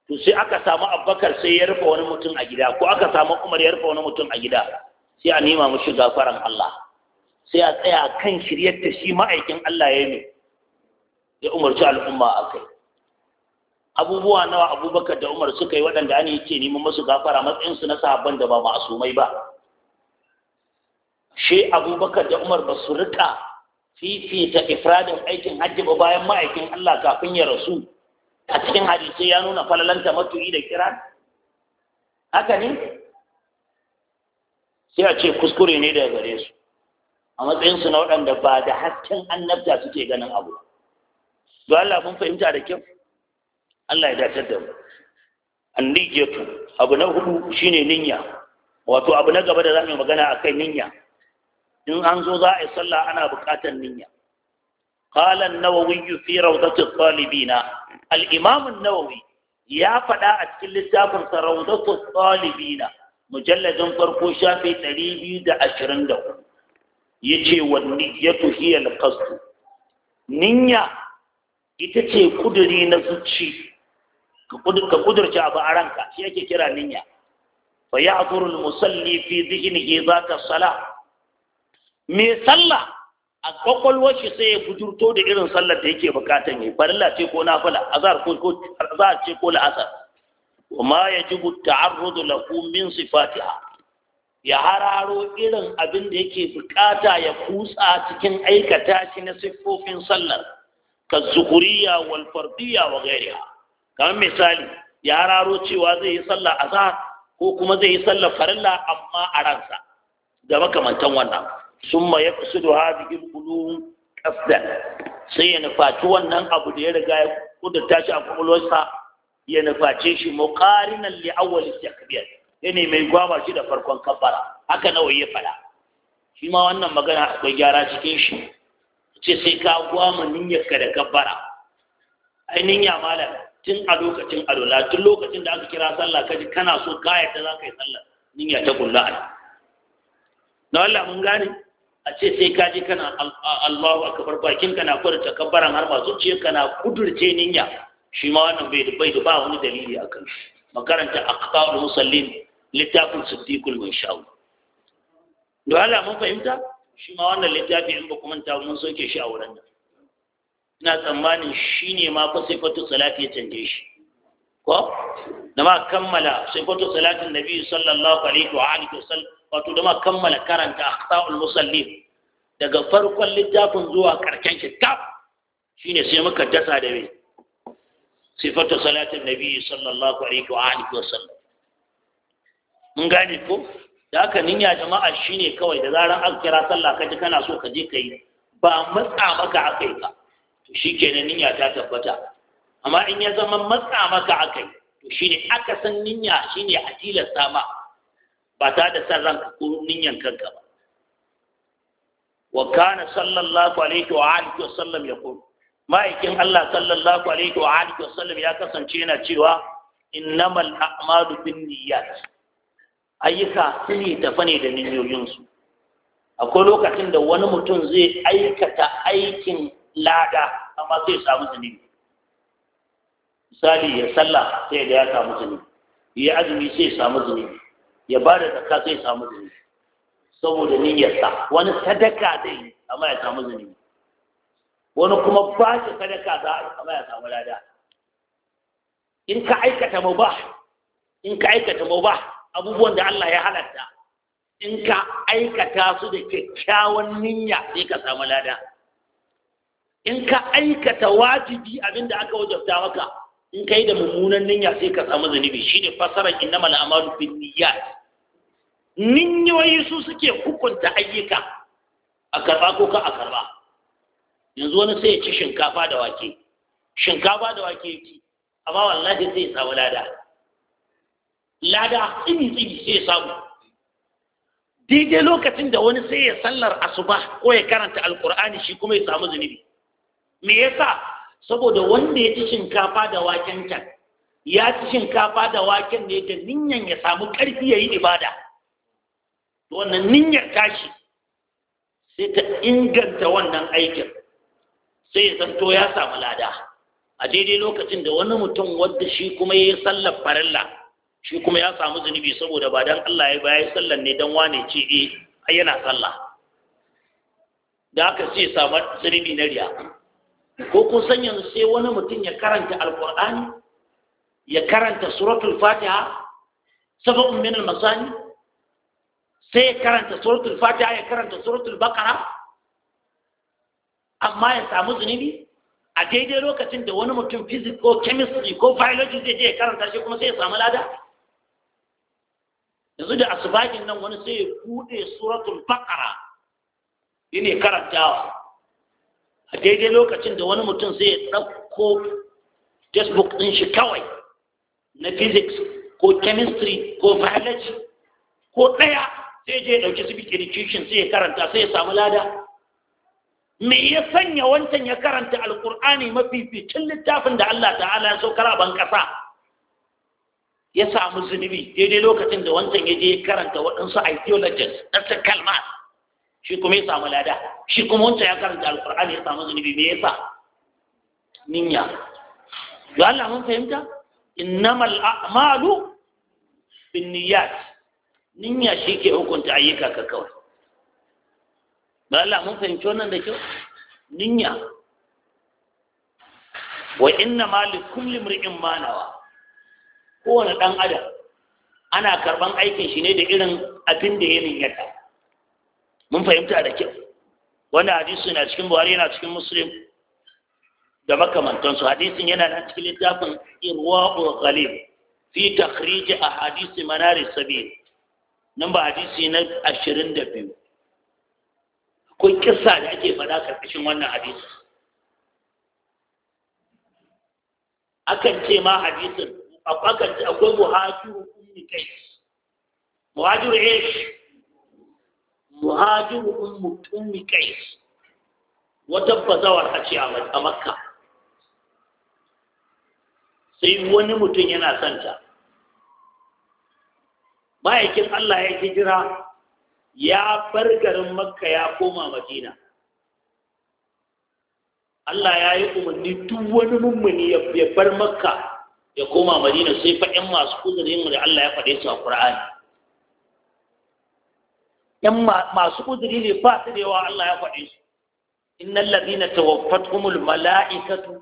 to sai aka samu Abubakar sai ya rufe wani mutum a gida ko aka samu umar ya rufe wani mutum a gida sai a nema mashi gafaran Allah sai a tsaya kan shiryar shi ma'aikin Allah ya ne ya umarci al'umma a kai abubuwa nawa abubakar da umar suka yi waɗanda an yi ce neman musu gafara matsayinsu na sahabban da ba ma'asumai ba shi abubakar da umar ba su rika fifita ifradin aikin hajji ba bayan ma'aikin Allah kafin ya rasu a cikin hadisai ya nuna falalanta matuyi da kira haka ne sai a ce kuskure ne daga gare su a matsayinsu na waɗanda ba da hasken annabta suke ganin abu don Allah mun fahimta da kyau Allah ya dace da mu An anniyatu abu na hudu shine niyya wato abu na gaba da za yi magana akai niyya in an zo za a yi sallah ana buƙatar niyya قال النووي في روضة الطالبين الإمام النووي يا فدا أتكل لتاب روضة الطالبين مجلد فرقو شافي تريبي دا أشرن دو يجي والنية هي القصد نية itace kuduri na zuci ka kudurci abu a ranka shi yake kira niyya fa ya'dhuru al-musalli fi dhihnihi dhaka salah me sallah a kwakwalwar shi sai ya fujurto da irin sallar da yake bukatan yi farilla ce ko nafila azhar ko ko azhar ce ko la'asar ma yajibu ta'arrudu lahu min sifatiha ya hararo irin abin da yake bukata ya kutsa cikin aikata shi na siffofin sallar ka zuhuriya wal fardiya wa ghairiha kamar misali ya hararo cewa zai yi sallar azhar ko kuma zai yi sallar farilla amma a ransa da makamantan wannan summa yaqsidu hadhihi al-qulub qasdan sai ya nufaci wannan abu da ya riga ya kudurta shi a kwakwalwarsa ya nuface shi muqarinan li awwal takbir yana mai gwaba shi da farkon kafara haka nawa ya faɗa? shi ma wannan magana akwai gyara cikin shi ce sai ka gwama niyyarka da kafara ainihin ya malam tun a lokacin alwala tun lokacin da aka kira sallah ka ji kana so kayata za ka yi sallah niyya ta kulla ai na Allah mun gane a ce sai ka je kana Allahu akbar bakin kana furta kabbaran har ma zuciyar kana kudurce ninya shi ma wannan bai dubai da ba wani dalili akan shi makaranta aqtaul musallin littafin siddiqul munshaw do Allah mun fahimta shi ma wannan littafi in ba kuma mun soke shi a wurin nan ina tsammanin shine ma fa fatu salati ya canje shi ko da ma kammala sai fatu salatin nabi sallallahu alaihi wa alihi wasallam wato da ma kammala karanta al musallin daga farkon littafin zuwa karshen shi shine sai muka dasa da me sifatu salatin nabi sallallahu alaihi wa alihi wa sallam mun gane ko da haka ya jama'a shine kawai da zaran an kira sallah ka ji kana so ka je kai ba matsa maka akai ba, to shikenan niyya ta tabbata amma in ya zama matsa maka akai to shine aka san niyya shine a tilasta ma ba ta da san ranka ko niyan kanka ba wa kana sallallahu alaihi wa alihi wa sallam ya yaqul ma'aikin Allah sallallahu alaihi wa alihi wa sallam ya kasance yana cewa innamal a'malu niyyat ayyuka sun tafa ne da su akwai lokacin da wani mutum zai aikata aikin lada amma sai samu zunubi misali ya sallah sai da ya samu zunubi ya azumi sai samu zunubi ya ba da zaka sai samu zunubi saboda niyyarsa wani sadaka zai amma ya samu zunubi wani kuma ba shi sadaka za a amma ya samu lada in ka aikata ba in ka aikata ba abubuwan da Allah ya halatta in ka aikata su da kyakkyawan niyya sai ka samu lada in ka aikata wajibi abinda aka wajabta maka in ka yi da mummunan niyya sai ka samu zunubi shi ne fasarar innamal amalu bin niyyat ninyoyi su suke hukunta ayyuka a karba ko ka a karba yanzu wani sai ya ci shinkafa da wake shinkafa da wake ya ci amma wallahi sai ya samu lada lada tsini tsini sai ya samu daidai lokacin da wani sai ya sallar asuba ko ya karanta alkur'ani shi kuma ya samu zunubi me yasa saboda wanda ya ci shinkafa da waken can ya ci shinkafa da waken ne da ninyan ya samu ƙarfi ya yi ibada wannan niyyar tashi sai ta inganta wannan aikin sai ya zanto ya samu lada a daidai lokacin da wani mutum wadda shi kuma ya yi sallar farilla shi kuma ya samu zunubi saboda ba don Allah ya bayan sallar ne don wane ce eh, a yana sallah da aka sai samu zunubi na riya ko kun san yanzu sai wani mutum ya karanta alkur'ani ya karanta suratul fatiha sababin min al-masani sai ya karanta suratul fatiha ya karanta suratul baqara amma ya samu zunubi a daidai lokacin da wani mutum physics ko chemistry ko biology zai je ya karanta shi kuma sai ya samu lada yanzu da asibakin nan wani sai ya bude suratul baqara yana karantawa a daidai lokacin da wani mutum sai ya ɗauko textbook ɗin shi kawai na physics ko chemistry ko biology ko ɗaya sai je ɗauki su bikirikishin sai ya karanta sai ya samu lada me ya sanya wancan ya karanta alƙur'ani mafificin littafin da Allah ta'ala ya saukar a ban ƙasa ya samu zunubi daidai lokacin da wancan ya je karanta waɗansu ɗan ɗansu kalma shi kuma ya samu lada shi kuma wancan ya karanta alƙur'ani ya samu zunubi me yasa ninya ga Allah mun fahimta innamal a'malu binniyat Ninya shi ke hukunta ayyuka ka kawai ba Allah mun fahimci wannan da kyau Ninya? wa inna ma li kulli imri'in ma nawa kowane dan adam ana karban aikin shi ne da irin abin da ya niyyata mun fahimta da kyau wanda hadisi na cikin buhari yana cikin muslim da makamantansu hadisin yana nan cikin littafin irwa'ul ghalib fi takhrij ahadith manar sabil nan ba hadisi na ashirin da biyu akwai kisa da ake faɗa karkashin wannan hadisi akan ce ma hadisin akan ce akwai muhajiru ummi kai muhajiru ish muhajiru ummi kai wata bazawar a ce a makka sai wani mutum yana santa ma'aikin Allah ya hijira ya bar garin makka ya koma madina Allah ya yi umarni duk wani mummuni ya bar makka ya koma madina sai faɗin masu kudurin da Allah ya faɗe su a ƙura'ani ‘yan masu kuduri ne ba su yawa Allah ya faɗe su innan ladina tawaffatumul mala'ikatu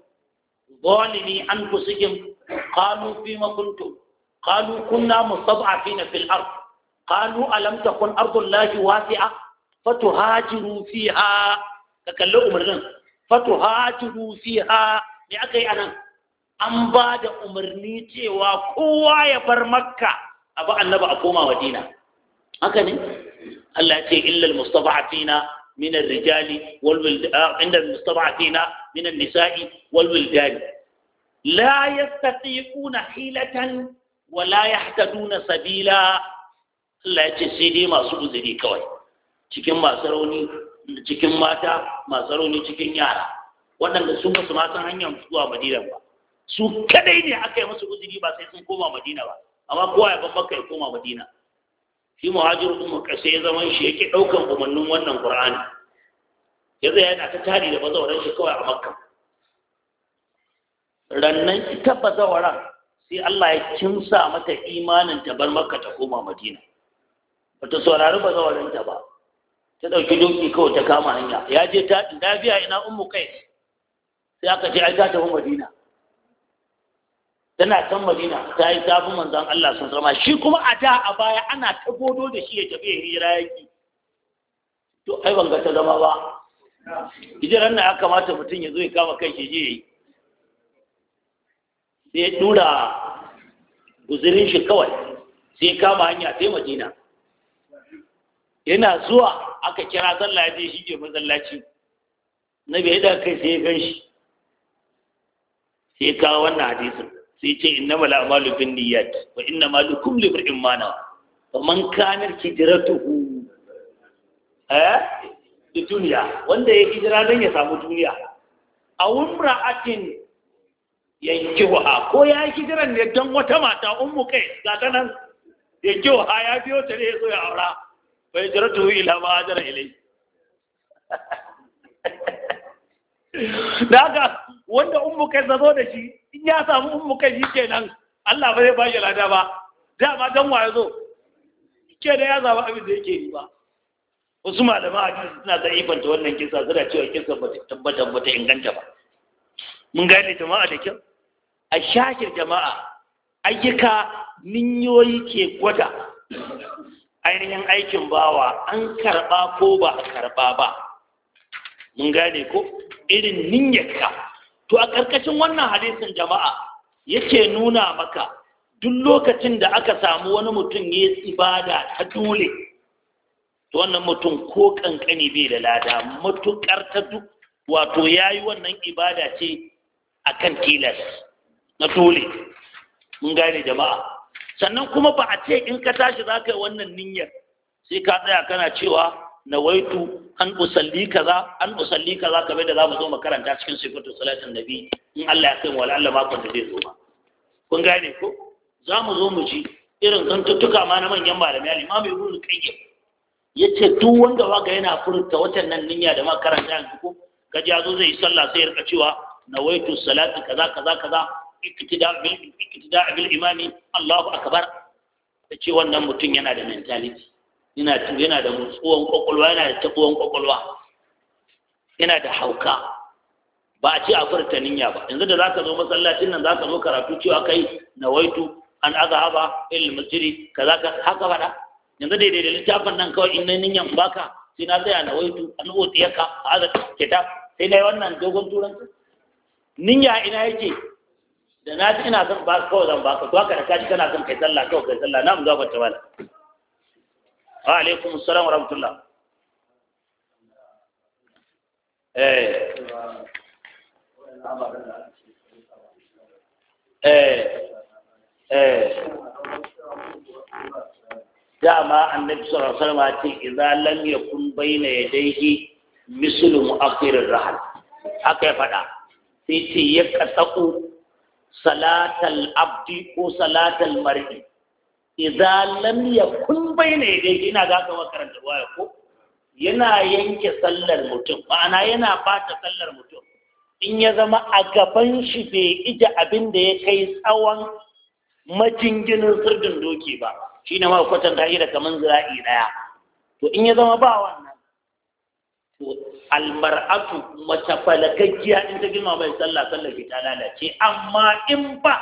zalimi an fusikin kanu fi makuntum قالوا كنا مستضعفين في الأرض قالوا ألم تكن أرض الله واسعة فتهاجروا فيها تكلموا مرغن فتهاجروا فيها لأكي أنا أم بعد أمرني تيوا كوا يبر مكة أبا النبا أقوما ودينا أكني الله تي إلا المستضعفين من الرجال والولد آه، عند المستضعفين من النساء والولدان لا يستطيعون حيلة wala yahtaduna sabila Allah ya ce sai dai masu uzuri kawai cikin masu rauni cikin mata masu rauni cikin yara waɗanda sun basu ma san hanyar zuwa madina ba su kadai ne aka yi musu uzuri ba sai sun koma madina ba amma kowa ya bambaka ya koma madina shi muhajiru ɗin ƙasa ya zama shi yake ɗaukan umarnin wannan qur'ani ya zai yana ta tari da bazawaran shi kawai a makka rannan ita bazawaran sai Allah ya kinsa mata imanin ta bar makka ta koma madina bata saurari ba zawarinta ba ta ɗauki doki kawai ta kama hanya ya je ta lafiya ina ummu kai sai aka ce ai ta madina tana kan madina ta yi tafi manzan Allah sun zama shi kuma a da a baya ana ta godo da shi ya tafi ya hira yaki to ai ban ga ta zama ba hijiran na ya kamata mutum ya zo ya kama kai shi je yi sai ya tura guzurin shi kawai sai kama hanya sai madina yana zuwa aka kira sallah je shi ke masallaci na bai da kai sai gan shi sai kawo wannan hadisin sai ce inna mala amalu bin niyyat wa inna malu kum li mar'in mana wa man kana hijratuhu eh da duniya wanda ya hijira dan ya samu duniya a wumra'atin yankiwa ko ya yi hijiran ne don wata mata umu kai ga ta nan ya biyo ta ne so ya aura bai jira tuhu ila ba hajara ilai da haka wanda umu kai zazo da shi in ya samu umu kai shi kenan Allah ba zai bayyana lada ba ma dan wa yazo ke da ya zaba abin da yake yi ba wasu malama a cikin suna zaifanta wannan kisa suna cewa kisa ba ta tabbatar ba ta inganta ba mun gane jama'a da kyau a shahir jama'a ayyuka ninyoyi ke gwada ainihin aikin bawa an karɓa ko ba a karɓa ba mun gane ko irin ninyarka to a ƙarƙashin wannan hadisin jama'a yake nuna maka duk lokacin da aka samu wani mutum ya yi ibada ta dole to wannan mutum ko ƙanƙani bai da lada matuƙar ta duk wato ya yi wannan ibada ce a kan tilas na tole mun gane jama'a sannan kuma ba a ce in ka tashi za ka yi wannan niyyar sai ka tsaya kana cewa na waitu an usalli kaza an usalli kaza kamar da za mu zo makaranta cikin sifatu salatin nabi in Allah ya kai wala Allah makon da zai zo ba kun gane ko za mu zo mu ji irin zantuttuka ma na manyan malamai al-imam ibnu qayyim yace duk wanda waka yana furta watan nan niyya da makaranta yanzu ko kaji ya zo zai yi sallah sai ya rika cewa na waitu salati kaza kaza kaza iktida bil imami Allahu akbar ta ce wannan mutum yana da mentality yana yana da mutsuwan kwakwalwa yana da tabuwan kwakwalwa yana da hauka ba a ce a furta niyya ba yanzu da za ka zo masallacin nan za ka zo karatu cewa kai nawaitu an azhaba il masjidi kaza ka haka fada yanzu daidai da littafin nan kawai in na niyyan baka sai na tsaya nawaitu an utiyaka ke kitab sai na yi wannan dogon turanci niyya ina yake da na ji ina son ba kawai zan baka to haka da kaji kana son kai sallah kawai kai sallah na mu zuwa ta bala wa alaikum assalam wa rahmatullah eh eh eh dama annabi sallallahu alaihi wasallam ce idza lam yakun baina yadayhi mislu mu'akhir ar-rahal haka ya fada sai ce ya katsaku salatal abdi ko salatal mar'i idza lam yakun bayna yadayhi ina ga ka makaranta waya ko yana yanke sallar mutum ma'ana yana bata sallar mutum in ya zama a gaban shi bai ija abin da ya kai tsawon majinginin sirrin doki ba shine ma kwatanta shi kaman zira'i daya to in ya zama ba wannan almar'atu mace falakakkiya in ta girma bai sallah sallah ta lalace amma in ba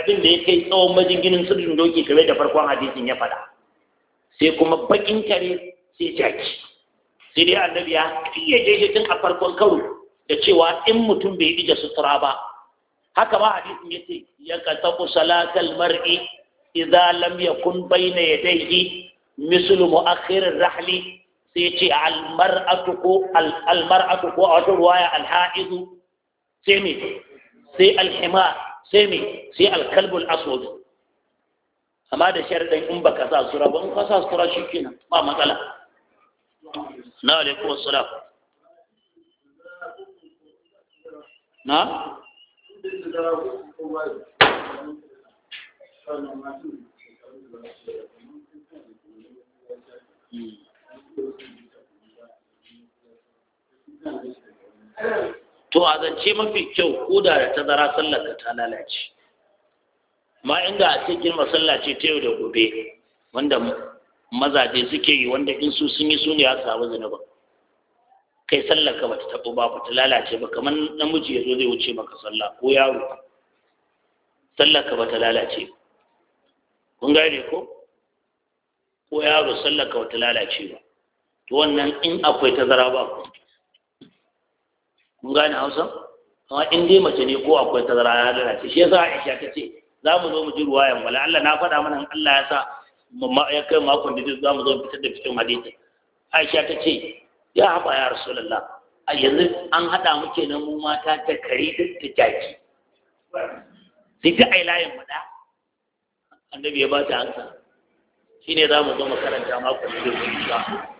abin da ya kai tsawon majinginin sirrin doki kamar da farkon hadisin ya faɗa sai kuma bakin kare sai jaki sai dai annabi ya kiyaye jejejin a farkon karo da cewa in mutum bai ije sutura ba haka ma hadisin yace ya qatabu salatal mar'i idza lam yakun bayna yadayhi mislu mu'akhir rahli sai ce almar'atu ko almar'atu ko a wata ruwaya alha'izu sai me sai alhima sai me sai alkalbul aswad amma da sharadin in baka sa sura ba in ka sa sura shikenan ba matsala na alaikum assalam na Mm. to a zance mafi kyau ko da ta tazara sallar ka ta lalace ma inda a cikin masallaci ta yau da gobe wanda mazaje suke yi wanda in su sun yi su ne a samu zunuba kai sallar ka bata tabo ba ta lalace ba kamar namiji ya zo zai wuce maka sallah ko yaro sallar ka bata lalace kun gane ko ko yaro sallar ka bata lalace ba to wannan in akwai tazara ba ku kun gane hausa amma in dai mace ne ko akwai tazara ya lalace shi yasa Aisha ta ce za mu zo mu ji ruwa ruwayan wala Allah na faɗa mana Allah ya sa ya kai makon da za mu zo fitar da cikin hadisi Aisha ta ce ya haɓa ya Rasulullah a yanzu an haɗa mu kenan mu mata ta kare da jaki sai ta ai layin mu da annabi ya ba ta hanka shine za mu zo makaranta makon da zai zo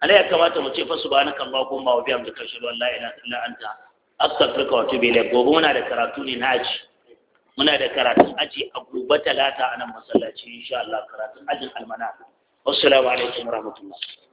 ana ya kamata mu ce fa subhanaka allahumma wa bihamdika ashhadu an la ilaha illa anta astaghfiruka wa atubu ilayk gobe muna da karatu ne na aji muna da karatun aji a gobe talata a nan masallaci insha Allah karatun ajin almana wassalamu alaikum warahmatullahi